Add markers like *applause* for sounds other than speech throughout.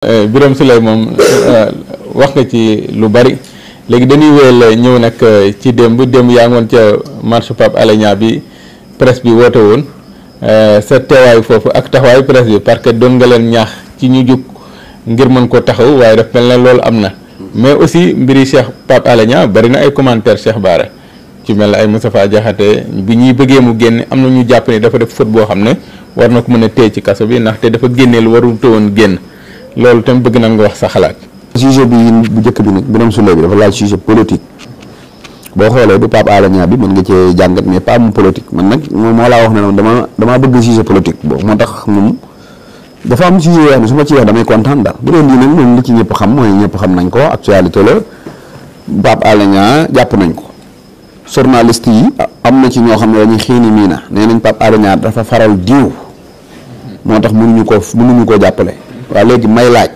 Eh, Birame Souleye moom euh, wax nga ci lu bari léegi dañuy wéyal euh, ñëw nag euh, ci démb démb yaa ngi woon ca marche Pape Alé Niang bi presse bi woote woon sa teewaayu foofu ak taxawaayu presse bi parce que doon nga leen ñaax ci ñu jóg ngir mën ko taxaw waaye daf mel ne loolu am na mais aussi mbiri Cheikh Pape Alé Niang bari na ay commentaire Cheikh baare ci mel ne ay Moustapha Diakhaté bi ñuy bëggee mu génn am na ñu jàpp ni dafa def faute boo xam ne war na ko mën a téye ci kaso bi ndaxte dafa génnee lu warul woon génn loolu tam bëgg nan nga wax sa xalaat. sujet bi bu njëkk bi nag bu doon sulle bi dafa laal sujet politique boo xoolee du Pape Alé Niang bi mën nga cee jàngat mais pas mu politique man nag moom moo laa wax ne dama damaa bëgg sujet politique boobu moo moom dafa am sujet yoo xam ne su ci kontaan daal bu doon lii nag ci ñëpp xam mooy ñëpp xam nañ ko actualité la Pape Alé Niang jàpp nañ ko journaliste yi am na ci ñoo xam ne dañuy xiini miina nee nañ Pape Alé dafa faral diw moo tax mënuñu ko mënuñu koo jàppale waa léegi may laaj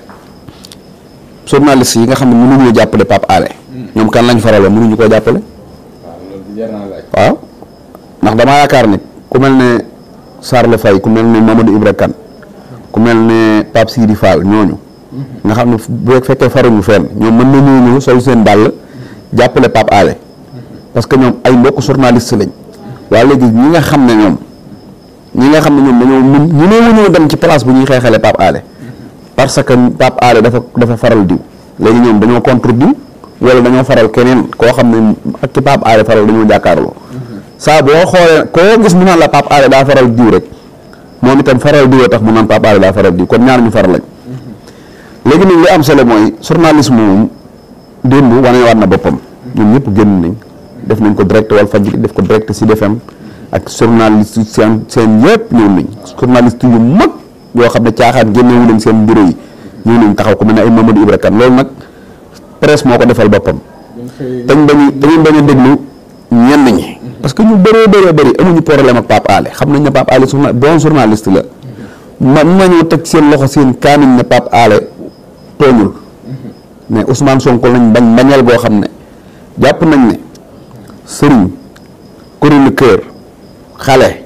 journaliste yi nga xam ne mënuñoo jàppale Pape Alé ñoom kan lañ faraloon mënuñu koo jàppale. waaw ndax damaa yaakaar ne ku mel ne Sarle Faye ku mel ne Mamadou Ibra Kane ku mel ne Pape Sidi Fall ñooñu. nga xam ne bu fekkee faruñu fenn ñoom mën nañoo ñëw sol seen dàll jàppale Pape Alé parce que ñoom ay mbokk journaliste lañ. waaye léegi ñi nga xam ne ñoom ñi nga xam ne ñoom dañoo mën ñu ne dem ci place bu ñuy xeexale Pape Alé. parce que Pape Alé dafa dafa faral diw léegi ñoom dañoo contre diw wala dañoo faral keneen koo xam ne ak ci Pape Alé faral dañoo jàkkaarloo saa boo xoolee koo gis mu naan la Pape Alé daa faral diw rek moom itam faral diw tax mu naan Pape Alé daa faral diw kon ñaar ñu faral lañ léegi nag li am solo mooy journalisme moom démb wane waat na boppam ñoom ñëpp génn nañ def nañ ko direct wal fajiri def ko direct Sud FM ak journaliste seen seen yëpp ñëw nañ journaliste yoo xam ne caaxaan génnewu leen seen bureau yi ñu leen taxaw ko mel ne ay Mamadou Ibra Kane loolu nag presse moo ko defal boppam dañ bañu dañu bañ a déglu ñenn ñi parce que ñu bëree bëree bëri amuñu problème ak Pape Alé xam nañ ne Pape Alé journa bon journaliste la man ma ñëw teg seen loxo seen kaaniñ ne Pape Alé tooñul mais Ousmane Sonko nañ bañ bañal boo xam ne jàpp nañ ne sëriñ chroniqueur xale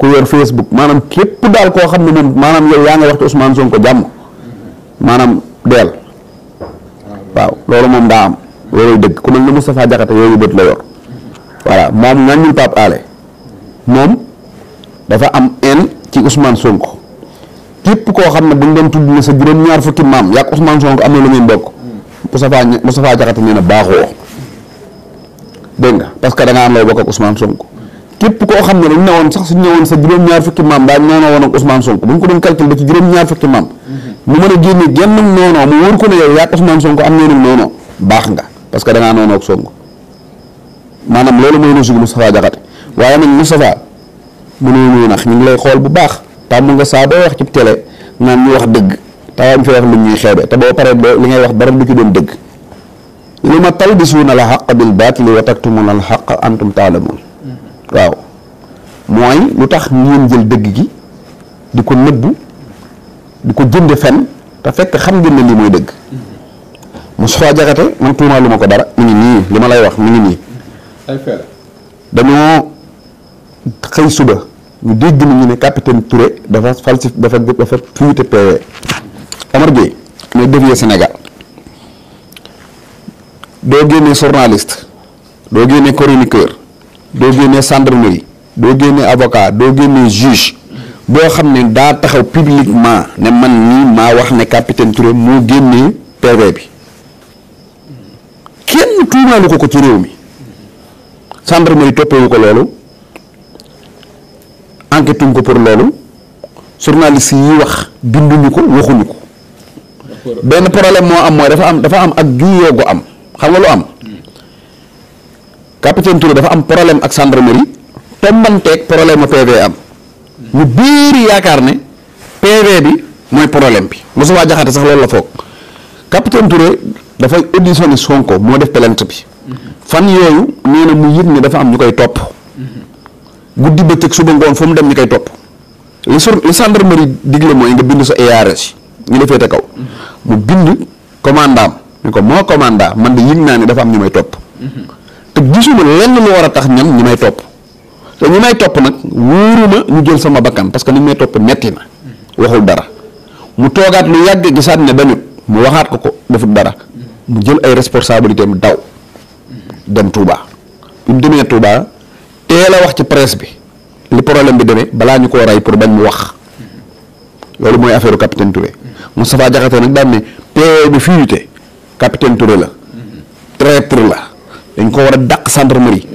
ku yor Facebook maanaam képp daal koo xam ne moom maanaam yow yaa nga waxtu Ousmane Sonko jàmm maanaam deel waaw loolu moom daa am looluy dëgg ku ma ne Moustapha Diakhaté yooyu bët la yor voilà moom ñaññul Pape Alé moom dafa am haine ci Ousmane Sonko képp koo xam ne buñ doon tudd na sa juróom-ñaar fukki maam yàq Ousmane Sonko am na lu ngeen bokk Moustapha Moustapha Diakhaté nee na baaxoo dégg nga parce que da nga am lay bokk ak Ousmane Sonko képp koo xam ne dañ ne woon sax suñ ñëwoon sa juróom-ñaar fukki maam daa noonoo woon ak Ousmane Sonko bu ñu ko doon calcul ba ci juróom-ñaar fukki maam mu mën a génne genn noonoo mu wóor ko ne yow yaa Ousmane Sonko am noonu baax nga parce que da ngaa noonoo ak Sonko maanaam loolu mooy logique Moustapha Diakhaté waaye nag Moustapha mënoo ñu nax ñu ngi lay xool bu baax tàmm nga saa doo wax ci télé naan ñu wax dëgg tawaañ fi wax lu ñuy xeebe te boo paree li ngay wax dara du ci doon dëgg li ma talbisuuna al haqqa bil baatili wa taktumuna al haqqa antum taalamuun waaw mooy lu tax ngeen jël dëgg gi di ko nëbbu di ko jënd fen te fekk xam ngeen ne lii mooy dëgg Moustapha Diakhaté man tuumaa lu ma ko dara mu ngi nii li ma lay wax mu ngi nii dañoo xëy suba ñu dégg nañu ne capitaine Touré dafa falsif dafa dafa fuité PV Omar Gueye mooy dévier senegal doo génnee journaliste doo génnee chroniqueur doo génnee gendarmerie doo génnee avocat doo génnee juge boo xam ne daa taxaw publiquement ne man nii maa wax ne capitaine Touré moo génnee PV bi kenn tuumaalu ko ko ci réew mi gendarmerie toppewu ko loolu enquête ko pour loolu journaliste yi wax binduñu ko waxuñu ko benn problème moo am mooy dafa am dafa am ak juuyoo gu am xam nga lu am capitaine Touré dafa am problème ak gendarmerie tombanteeg problème mu PV am ñu biiri yaakaar ne PV bi mooy problème bi Moussa Diakhaté sax loolu la foog capitaine Touré dafay auditionné Sonko moo def plainte bi fan yooyu nee na mu yëg dafa am ñu koy topp guddi bëccëg suba ngoon fu mu dem ñu koy topp li sur li gendarmerie digle mooy nga bind sa ARS ñu la féete kaw mu bind commandant ne ko moo commandant man de yëg naa ne dafa am ñu may topp. te gisuma lenn lu war a tax ñam ñi may topp te ñi may topp nag wóoruma ñu jël sama bakkan parce que ni may topp metti na waxul dara mu toogaat lu yàgg gisaat ne dañut mu waxaat ko ko defut dara mu jël ay responsabilité mu daw dem tuubaa bi mu demee Touba teel wax ci presse bi li problème bi demee balaa ñu koo rey pour bañ mu wax loolu mooy affaire capitaine Touré Moustapha Diakhaté nag daan ne PV e bi fuité capitaine Touré la traître la. dañ ko war a dàq gendarmerie.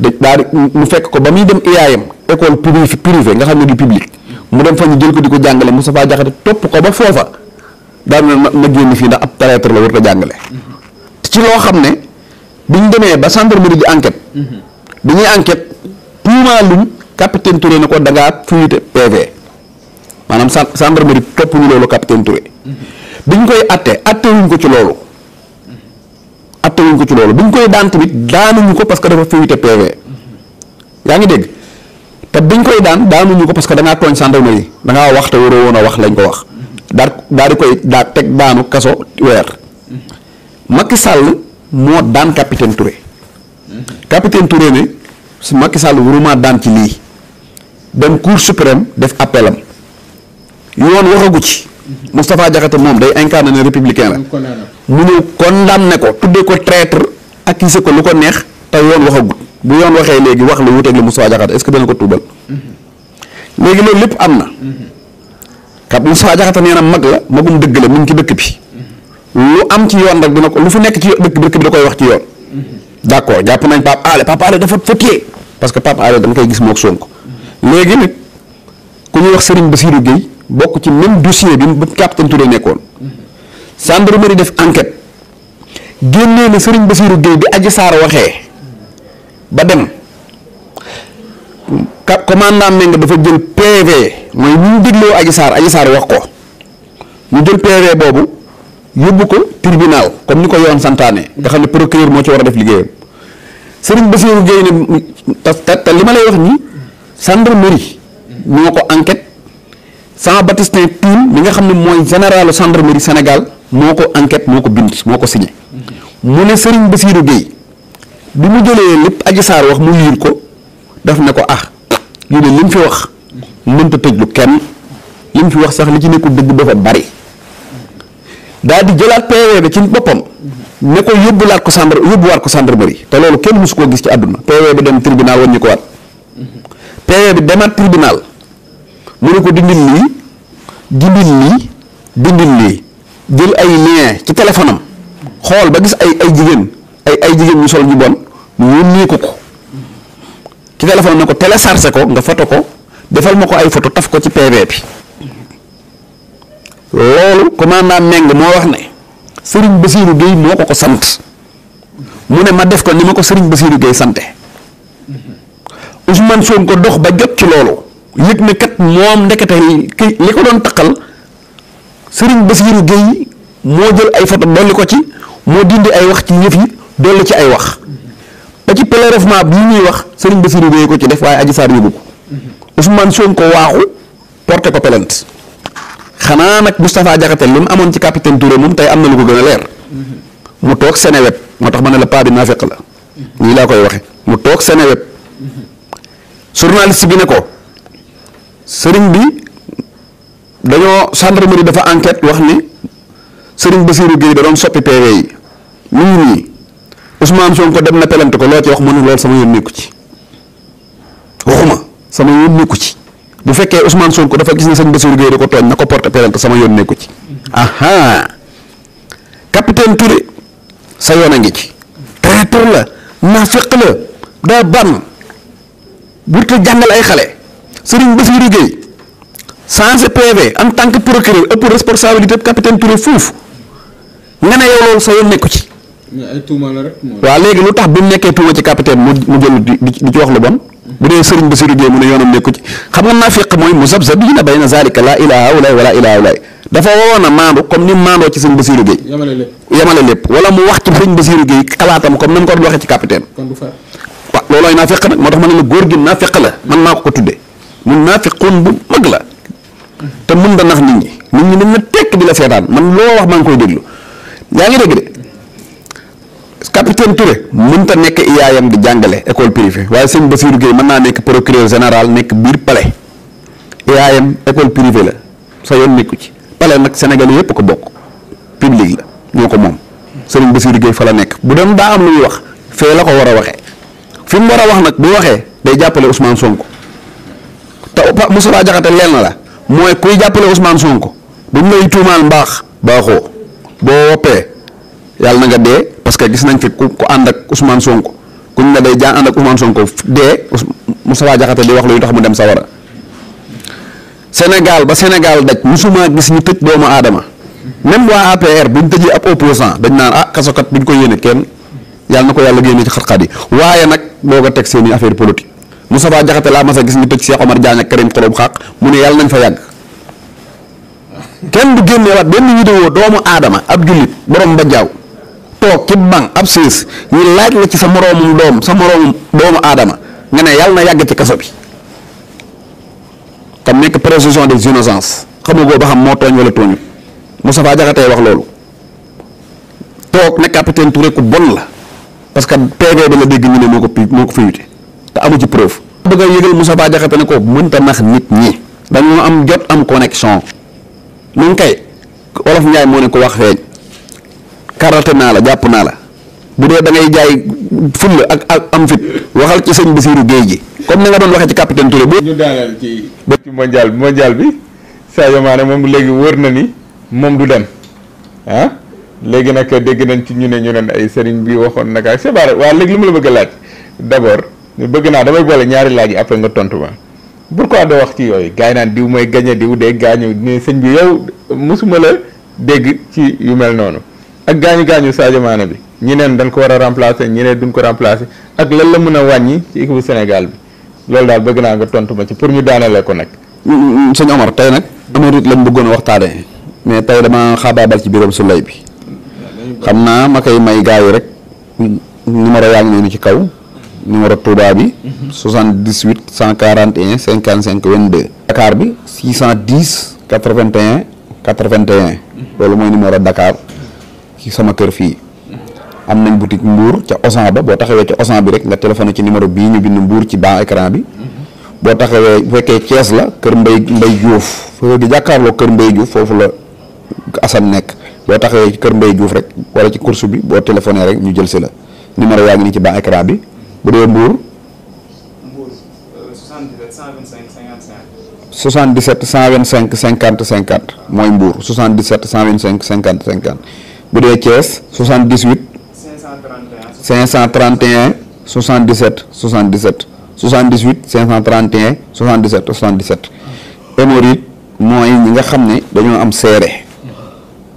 da daa mu fekk ko ba muy dem IAM école publique privée nga xam ne di publique mu dem fa ñu jël ko di ko jàngale Moustapha Diakhaté topp ko ba foofa daal na ma génn fii ndax ab traître la warut a jàngale. ci loo xam ne biñ demee ba gendarmerie di enquête. bi ñuy enquête tuumaaluñ capitaine Touré ne ko da ngaa fuite PV maanaam gendarmerie topp ñu loolu capitaine Touré. biñ koy atte atte wuñ ko ci loolu. attewuñ ko ci loolu buñ koy daan tamit daanuñu ko parce que dafa fuité PV yaa ngi dégg te biñ koy daan daanuñu ko parce que da ngaa tooñ gendarmerie da ngaa wax te waroo woon a wax lañ ko wax daal daal di koy daa teg daanu kaso weer Macky Sall moo daan capitaine Touré capitaine Touré ne su makki Sall waruma daan ci lii dem cour suprême def appel yoon waxagu ci. Moustapha Diakhaté moom day incarné ne républicain la. mu kon ñu condamné ko tuddee ko traître accusé ko lu ko neex te yoon waxagut bu yoon waxee léegi wax lu wuteeg la Moustapha Diakhaté est-ce que dana ko tuubal. Mm-hmm. léegi loolu lépp am na. kat mm-hmm. Moustapha Diakhaté mag la magum dëgg la muñ ngi dëkk bi. Mm-hmm. lu am ci yoon rek dina ko lu fi nekk ci dëkk bi da koy wax ci yoon. d'accord jàpp nañ Pape Alé Pape Alé dafa fëkkee parce que Pape Alé dama koy gis mook Sonko léegi nag ku ñuy wax Serigne Bassirou Gueye bokk ci même dossier bi bu capitaine Touré nekkoon gendarmerie def enquête génnee na sëriñ Bassirou géey bi Adji Sarr waxee ba dem ka commandant Mbengue dafa jël PV mooy ñu mu dégloo Adji Sarr Adji wax ko ñu jël PV boobu yóbbu ko tribunal comme ni ko yoon santaane nga xam ne procureur moo ci war a def liggéeyam Serigne Bassirou Gueye ne te te li ma lay wax nii gendarmerie moo ko enquête. Jean Baptistin Tine mi nga xam ne mooy généralu gendarmerie Sénégal moo ko enquête moo ko bind moo ko signé mu ne Serigne Bassirou Gueye bi mu jëlee lépp Adji wax mu liir ko daf ne ko ah yu ne li mu fi wax mënta tëjlu kenn li mu fi wax sax li ci nekkul dëgg dafa bari daal di jëlaat PV bi ci boppam ne ko yóbbulaat ko sandar yóbbuwaat ko gendarmerie te loolu kenn mosu koo gis ci àdduna PV bi dem tribunal waññi ko waat PV bi demaat mu ne ko dindil lii dindil lii dindil lii jël ay lien ci téléphone am xool ba gis ay ay jigéen ay ay jigéen ñu sol ñu bon mu yónnee ko ko ci téléphone ne ko téléchargé ko nga foto ko defal ma ko ay photo taf ko ci PV bi loolu commandant Meng moo wax ne Serigne Bassirou Gueye moo ko ko sant mu ne ma def ko ni ma ko Serigne Bassirou Gueye sante Ousmane ko dox ba jot ci loolu yëg ne kat moom ndekete li ko doon taqal Serigne Bassirou Gueye moo jël ay photo dolli ko ci moo dindi ay wax ci yëf yi dolli ci ay wax ba ci prélèvement bi ñuy wax Serigne Bassirou Gueye ko ci def waaye Adji Sarr yóbbu ko Ousmane Sonko waaxu porté ko plainte xanaa nag Moustapha Diakhaté li mu amoon ci capitaine Touré moom tey am na lu ko gën a leer mu toog sene Seneweb moo tax ma ne la paa bi naafeq la nii laa koy waxe mu toog sene Seneweb mhm. journaliste bi ne ko sëriñ bi dañoo gendarmerie dafa enquête wax ni sëriñ Bassirou Guèye da doon soppi PV yi mu ngi nii Ousmane Sonko dem na pelante ko loo ci wax mu ne loolu sama yoon ci waxuma sama yoon nekku ci bu fekkee Ousmane Sonko dafa gis na sëriñ Bassirou Guèye da ko tooñ na ko porte pelante sama yoon ci aha capitaine Touré sa yoon a ngi ci traiteur la naafeq la daa ban bu te jàngal ay xale Serigne Bassirou Gueye changé PV en tant que procureur ëpp responsabilité capitaine Touré fuuf nga ne yow loolu sa nekku ci. ay tuuma léegi lu tax bi mu nekkee tuuma ci capitaine mu mu jël di di ci wax lu bon. bu dee Serigne Bassirou Gueye mu ne yoonam nekku ci xam nga naafiq mooy muzabzabiina bayna zaalika laa ilaaha illallaahu wa laa ilaaha illallaahu dafa waroon a maandu comme ni mu maandoo ci sëñ Bassirou Gueye. yamale lépp lépp wala mu wax ci sëñ Bassirou Gueye xalaatam comme ni ko doon ci capitaine. kon du fa waaw loolooy moo tax ma ne la góor gi naafiq la man ko ko mun naafiqoon bu mag la te mun da nax nit ñi nit ñi dañ na tekk di la seetaan man loo wax maa ngi koy déglu yaa ngi dégg de capitaine Touré mën ta nekk IAM di jàngale école privée waaye sëñ Bassirou Guèye mën naa nekk procureur général nekk biir palais école privée la sa yoon nekku ci pale nag Sénégal yëpp ko bokk public la ñoo ko moom sëriñ Bassirou Guèye fa la nekk bu doon daa am lu wax fee la ko war a waxee fi mu war a wax nag bu waxee day jàppale Ousmane sonk te Moustapha Diakhaté lenn la mooy kuy jàppale Ousmane Sonko buñ lay tuumaal mbaax baaxoo boo woppee yàlla na nga dee parce que gis nañ fi ku ku ànd ak Ousmane Sonko kuñ la day jaa ànd ak Ousmane Sonko dee Moustapha Diakhaté di wax luy tax mu dem sawara Sénégal ba Sénégal daj musuma gis ñu tëj doomu aadama même waa APR buñ tëjee ab opposant dañ naan ah kasokat duñ ko yéene kenn yàlla na ko yàlla génne ci xat-xat yi waaye nag boo ko teg seen i affaire politique. Moustapha Diakhaté laa mas a gis ñu tëj Cheikh Omar Diagne ak Karim Xrum Xax mu ne yàlla nañ fa yàgg kenn du génneewaat benn vidéo doomu aadama ab jullit borom ba jaaw toog ci banc ab siis ñi laaj la ci sa moroomum doom sa moroomum doomu aadama nga ne yàlla na yàgg ci kaso bi tam nekk présomption des innocence xamagoo ba xam moo tooñ wala tooñu Moustapha Diakhaté wax loolu toog ne capitaine Touré bon la parce que PV bi la dégg ñu ne moo ko te amu ci preuve. bëgg a yëgal Moustapha Diakhaté ne ko mënta nax nit ñi. dañoo am jot am connexion. mu ngi kay Olof Ndiaye moo ne ko wax feeñ. karate naa la jàpp naa la. bu dee da ngay jaay fulla ak ak am fit waxal ci sëñ Bassirou Guèye ji comme ni nga doon waxee ci capitaine Touré. bu ñu daaneel ci ci mondial bi mondial bi Sadio Mané moom léegi wër na ni moom du dem ah léegi nag dégg nañ ci ñu ne ñu ne ay sëriñ bi waxoon nag ak c'est vrai waaw léegi lu ma la bëgg a laaj d'abord. bëgg naa damay boole ñaari laaj yi après nga tontu ma ko doo wax ci yooyu gars naan diw mooy gañe diw dee gaañu ne sëñ bi yow mosuma la dégg ci yu mel noonu ak gaañu gaañu Sadio Mané bi ñi neen dañ ko war a remplacer ñi ne duñ ko remplacer ak lan la mën a wàññi ci équipe Sénégal bi loolu daal bëgg naa nga tontu ma ci pour ñu daanale ko nag. sëñ Omar tey nag. amoon it lañ bëggoon waxtaanee. mais tey dama xaabaabal ci biiram su lay bi. xam naa ma may gars yi rek numéro yaa ngi nii ci kaw. numéro Touba bi. 78 141 55 22. Dakar bi 610 81 81. loolu mooy numéro Dakar ci sama kër fii. am nañ boutique Mbour ca Osan ba boo taxawee ca Osan bi rek nga téléphoné ci numéro bii ñu bind Mbour ci ban écran bi. Mhm. boo taxawee bu fekkee Thiès la kër Mbay Mbay Diouf foofu di jàkkaarloo kër Mbay Diouf foofu la Assane nekk boo taxawee ci kër Mbay Diouf rek wala ci course bi boo téléphoné rek ñu jël si la numéro yaa ngi ci ban écran bi. bu dee Mbour. Mbour 77 125 55. 77 125 50 50 mooy Mbour 77 125 50 50 bu dee Thiès 78. 531 mooy nga xam ne dañoo am seere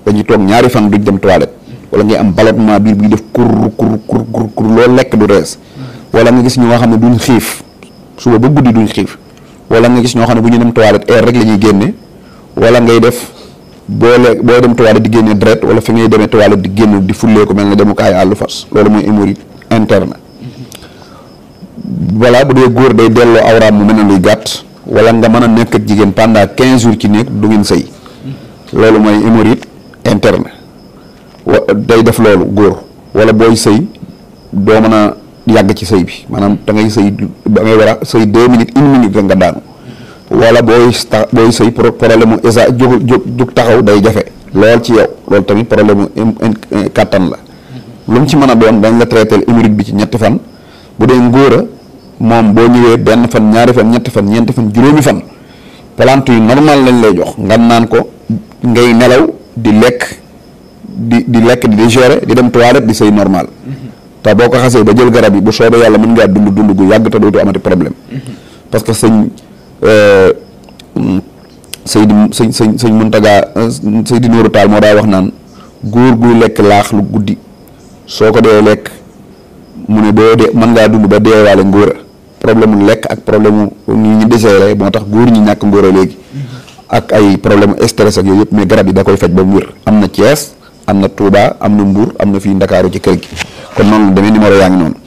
dañuy toog ñaari fan duñ dem toilette wala ngay am ballonnement biir buy def kur kur kur kur kur lekk du rees. wala nga gis ñoo xam ne duñ xiif suba ba guddi duñ xiif wala nga gis ñoo xam ne bu ñu dem toilette air rek la ñuy génne wala ngay def boo le booy dem toilette di génne deret wala fi ngay demee toilette di génn di fullee ko mel ne demu kaay àllu fas loolu mooy hémorroïde interne voilà bu dee góor day delloo awraam mu mel luy gàtt wala nga mën a nekk ak jigéen pendant quinze jours ci néeg du ngeen sëy loolu mooy hémorroïde interne wa day def loolu góor wala booy sëy doo mën a yàgg ci sëy bi maanaam da ngay sëy da ngay war a sëy deux minutes une minute rek nga daanu wala booy ta booy sëy problème mu esa jóg jóg taxaw day jafe lool ci yow loolu tamit problème mu kàttan la lu mu ci mën a doon dañ la traité hémorroïde bi ci ñetti fan bu dee ngóor a moom boo ñëwee benn fan ñaari fan ñetti fan ñeenti fan juróomi fan plante yu normal lañ lay jox nga naan ko ngay nelaw di lekk di di lekk di digérer di dem toilette di sëy normal te boo ko xasee ba jël garab yi bu soobee yàlla mën ngaa dund dund gu yàgg te dootoo amati problème mm-hmm. parce que sëñ euh, Seydi sëñ sëñ sëñ Muntaga euh, Seydi Nooru Taal moo daa wax naan góor guy lekk laax lu guddi soo ko dee lekk mu ne boo de mën ngaa dund ba deewaale ngóora problème mu lekk ak problème mu ñu désiré moo tax góor ñi ñàkk ngóora léegi mm-hmm. ak ay problème stress ak yooyu yëpp mais garab yi da koy faj ba mu wér am na Thiès am na Touba am na Mbour am na fii Ndakaaru ci kër gi kon noonu demee numéro yaa ngi noonu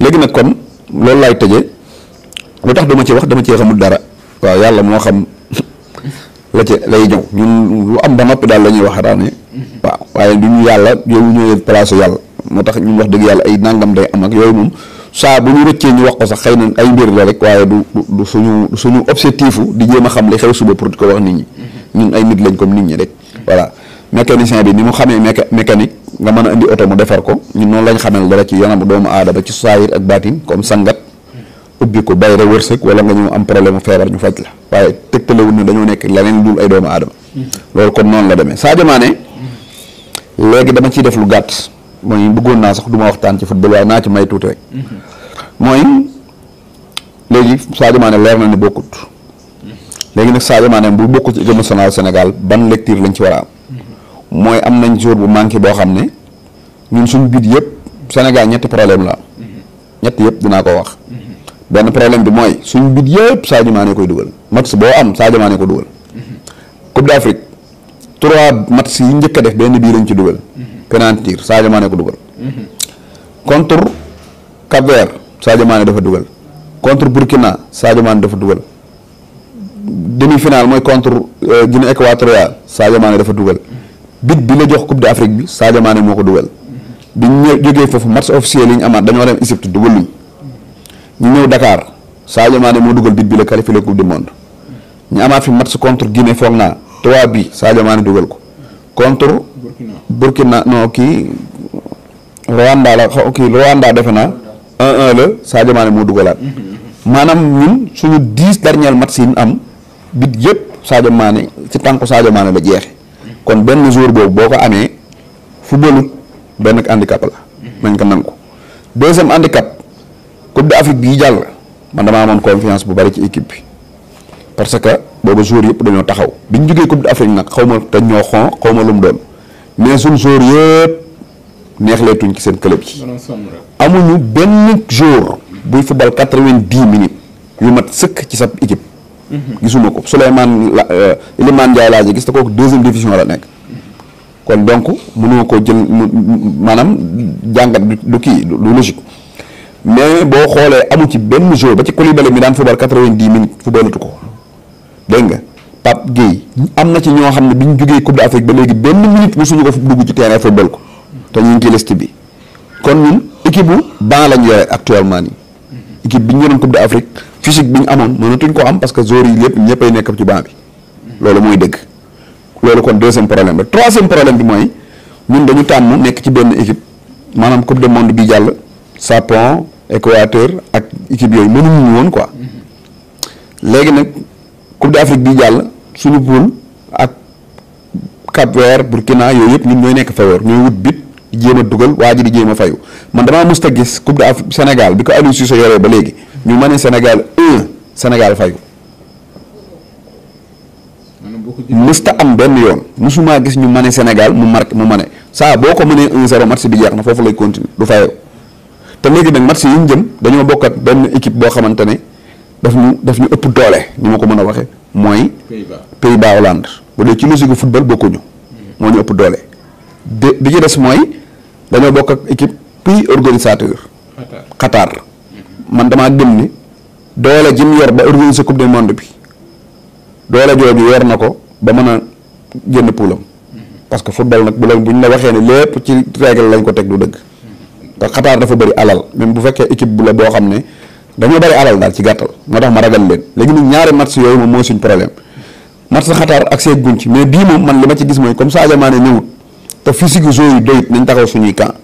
léegi nag kon loolu laay tëjee lu tax dama ci wax dama cee xamul dara waaw yàlla moo xam *laughs* la ci lay ñëw ñun lu am ba noppi daal la ñuy wax daane waaw waaye du ñu yàlla yow ñëwee place yàlla moo tax ñun wax dëgg yàlla ay nangam day am ak yooyu moom saa bu ñu rëccee ñu wax ko sax xëy na ay mbir la rek waaye du du suñu suñu objectif di jéem a xam li xew suba pour di ko wax nit ñi ñun ay nit lañ comme nit ñi rek voilà mécanicien bi ni mu xamee mécanique nga mën a indi oto mu defar ko ñun noonu lañ xamal dara ci yoonam doomu aadama ci saayir ak baatin comme sangat ubbi ko bayre wërsëg wala nga ñëw am problème mu feebar ñu faj la waaye tegtalewul ne dañoo nekk leneen dul ay doomu aadama loolu kon noonu la demee Sadio Mané léegi dama ciy def lu gàtt mooy bëggoon naa sax du ma waxtaan ci football waaye naa ci may tuuti rek mooy léegi Sadio Mané leer na ne bokkut léegi nag Sadio Mané bu bokkut ci équipe nationale Sénégal ban lecture lañ ci war mooy am nañ jour bu manqué boo xam ne ñun suñ bit yëpp Sénégal ñetti problème la ñett yëpp dinaa ko wax benn problème bi mooy suñu bit yëpp Sadio Mané koy dugal match boo am Sadio ko dugal Coupe d'Afrique trois match njëkk def benn bii lañ ci dugal penalty Sadio Mané ko dugal contre Cap-Vert Sadio dafa dugal contre Burkina Sadio Mané dafa dugal demi-finale mooy contre euh, Guinée Équatoriale Sadio Mané dafa dugal bit bi la jox Coupe d'Afrique bi Sadio Mané moo ko dugal bi ñu jógee foofu match officiel yi ñu amaat dañoo dem Égypte dugaluñ ñu ñëw Dakar Sadio Mané moo dugal bit bi la qualifié la Coupe du Monde ñu amaat fi match contre Guinée foog naa trois bi Sadio maane dugal ko contre Burkina non kii Rwanda la xaw kii Rwanda defe naa 1 la Sadio Mané moo dugalaat maanaam ñun suñu dix dernier match yi ñu am bit yëpp Sadio Mané ci tànku Sadio Mané la jeexe kon benn jour boobu boo ko amee footballut benn handicap la nañ ko nangu deuxième handicap coupe d'Afrique bii jàll man damaa amoon confiance bu bari ci équipe bi parce que booba jour yëpp dañoo taxaw bi ñu jógee coupe d'Afrique nag xaw ma te ñoo xon xaw ma lu mu doon mais suñ jour yëpp neexleetuñ ci seen club yi amuñu benn jour buy football quatre-vingt-dix minutes yu mat sëkk ci sa équipe Mm-hmm. gisuma ko Souleymane euh, Elimane Ndiaye laa ñu gis te kooku deuxième division la nekk kon donc mënoo ko jël maanaam jàngat du kii lu logique mais boo xoolee amu ci benn joueur ba ci Koulibaly mi daan football quatre-vingt-dix minutes footballatu ko dégg nga Pape Gueye am na ci ñoo xam ne bi ñu jógee Coupe d'Afrique ba léegi benn minute mosuñu ko dugg ci terrain football ko te ñu ngi ci liste bi kon ñun équipe bu ban la actuellement nii équipe bi ñu yoroon Coupe d'Afrique physique bi ñu amoon mënatuñ ko am parce que joueurs yi yëpp ñëppay nekk ci banc bi loolu mooy dëgg loolu kon deuxième problème la troisième problème bi mooy ñun dañu tàmm nekk ci benn équipe maanaam coupe du monde bi jàll Japon Équateur ak équipe yooyu mënuñu woon quoi léegi nag coupe bi jàll suñu poule ak Cap Vert Burkina yooyu yëpp ñun ñooy nekk faveur ñooy wut bit di jéem a dugal waa ji di jéem a fayu man damaa mës a gis coupe d'Afrique Sénégal bi ko Aliou Cissé yoree ba léegi. ñu mane a Sénégal un Sénégal fayu mësta am benn yoon mësuma gis ñu mën Sénégal mu marqué mu mën saa boo ko mënee un zéro match bi jeex na foofu lay continuer du fayoo te léegi nag match yi ñu jëm dañoo bokkat benn équipe boo xamante ne daf ñu daf ñu ëpp doole ni ma ko mën a waxee mooy. Pays-Bas Pays-Bas Hollande bu dee ci logique football bokkuñu. moo ñu ëpp doole. di bi ci des mooy dañoo bokk ak équipe pays organisateur. Qatar. man damaa gëm ne doole ji mu yor ba organiser coupe du monde bi doole jooju yor na ko ba mën a génn poulam parce que football nag bu la bu ñu la waxee ne lépp ci règle lañ ko teg du dëgg ndax Qatar dafa bëri alal même bu fekkee équipe bu la boo xam ne dañoo bëri alal daal ci gàttal moo tax ma ragal leen léegi nag ñaari match yooyu moom mooy suñ problème match Qatar ak see guñ ci mais bii moom man li ma ci gis mooy comme Sadio Mané ñëwut te physique joueurs yi doyut nañ taxaw suñuy camp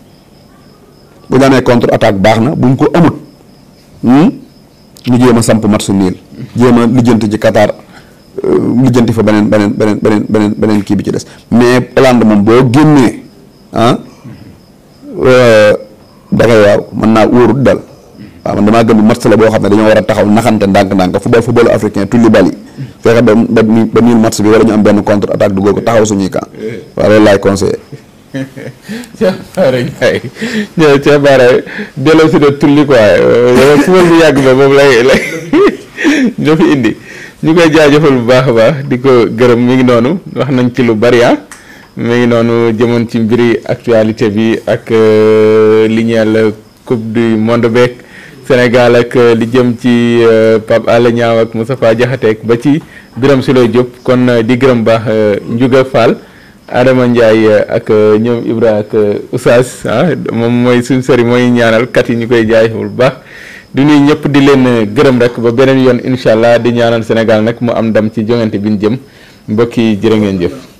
bu ñu amee contre attaque baax na buñ ko amut ñu jéem a samp match niil jéem a lijjanti ci Qatar euh, lijjanti fa beneen beneen beneen beneen beneen beneen kii bi ci des mais Hollande moom boo génnee ah euh, da ngay waaw mën naa wóorut dal waaw man damaa gëm match la boo xam ne dañoo war a taxaw naxante ndànk-ndànk football football africain tulli bal yi fexe ba ba niil match bi wala ñu am benn contre attaque dugal ko taxaw suñuy camp eh. waaw loolu laay conseillé Cheikh Bara Ndiaye ñoom Cheikh Bara tulli quoi yow football yàgg ba moom lay lay *laughs* ñoo fi indi ñu koy jaajëfal bu baax a baax di ko gërëm mi ngi noonu wax nañ ci lu bari ah mi ngi noonu jëmoon ci mbiri actualité bi ak euh, li ñeel coupe du monde beeg Sénégal ak euh, li jëm ci euh, Pape Alé Niang ak Moustapha Diakhaté ba ci Birame Souleye Diop kon di gërëm baax Ndiouga Fall. Adama Ndiaye ak euh, ñoom Ibra ak euh, Oustaz ah moom mooy suñu sëriñ mooy ñaanal kat yi ñu koy jaay bu baax du nuy ñëpp di leen euh, gërëm rek ba beneen yoon incha allah di ñaanal Sénégal nag mu am ndam ci joŋante bi ñu jëm mbokk yi jërë ngeen jëf.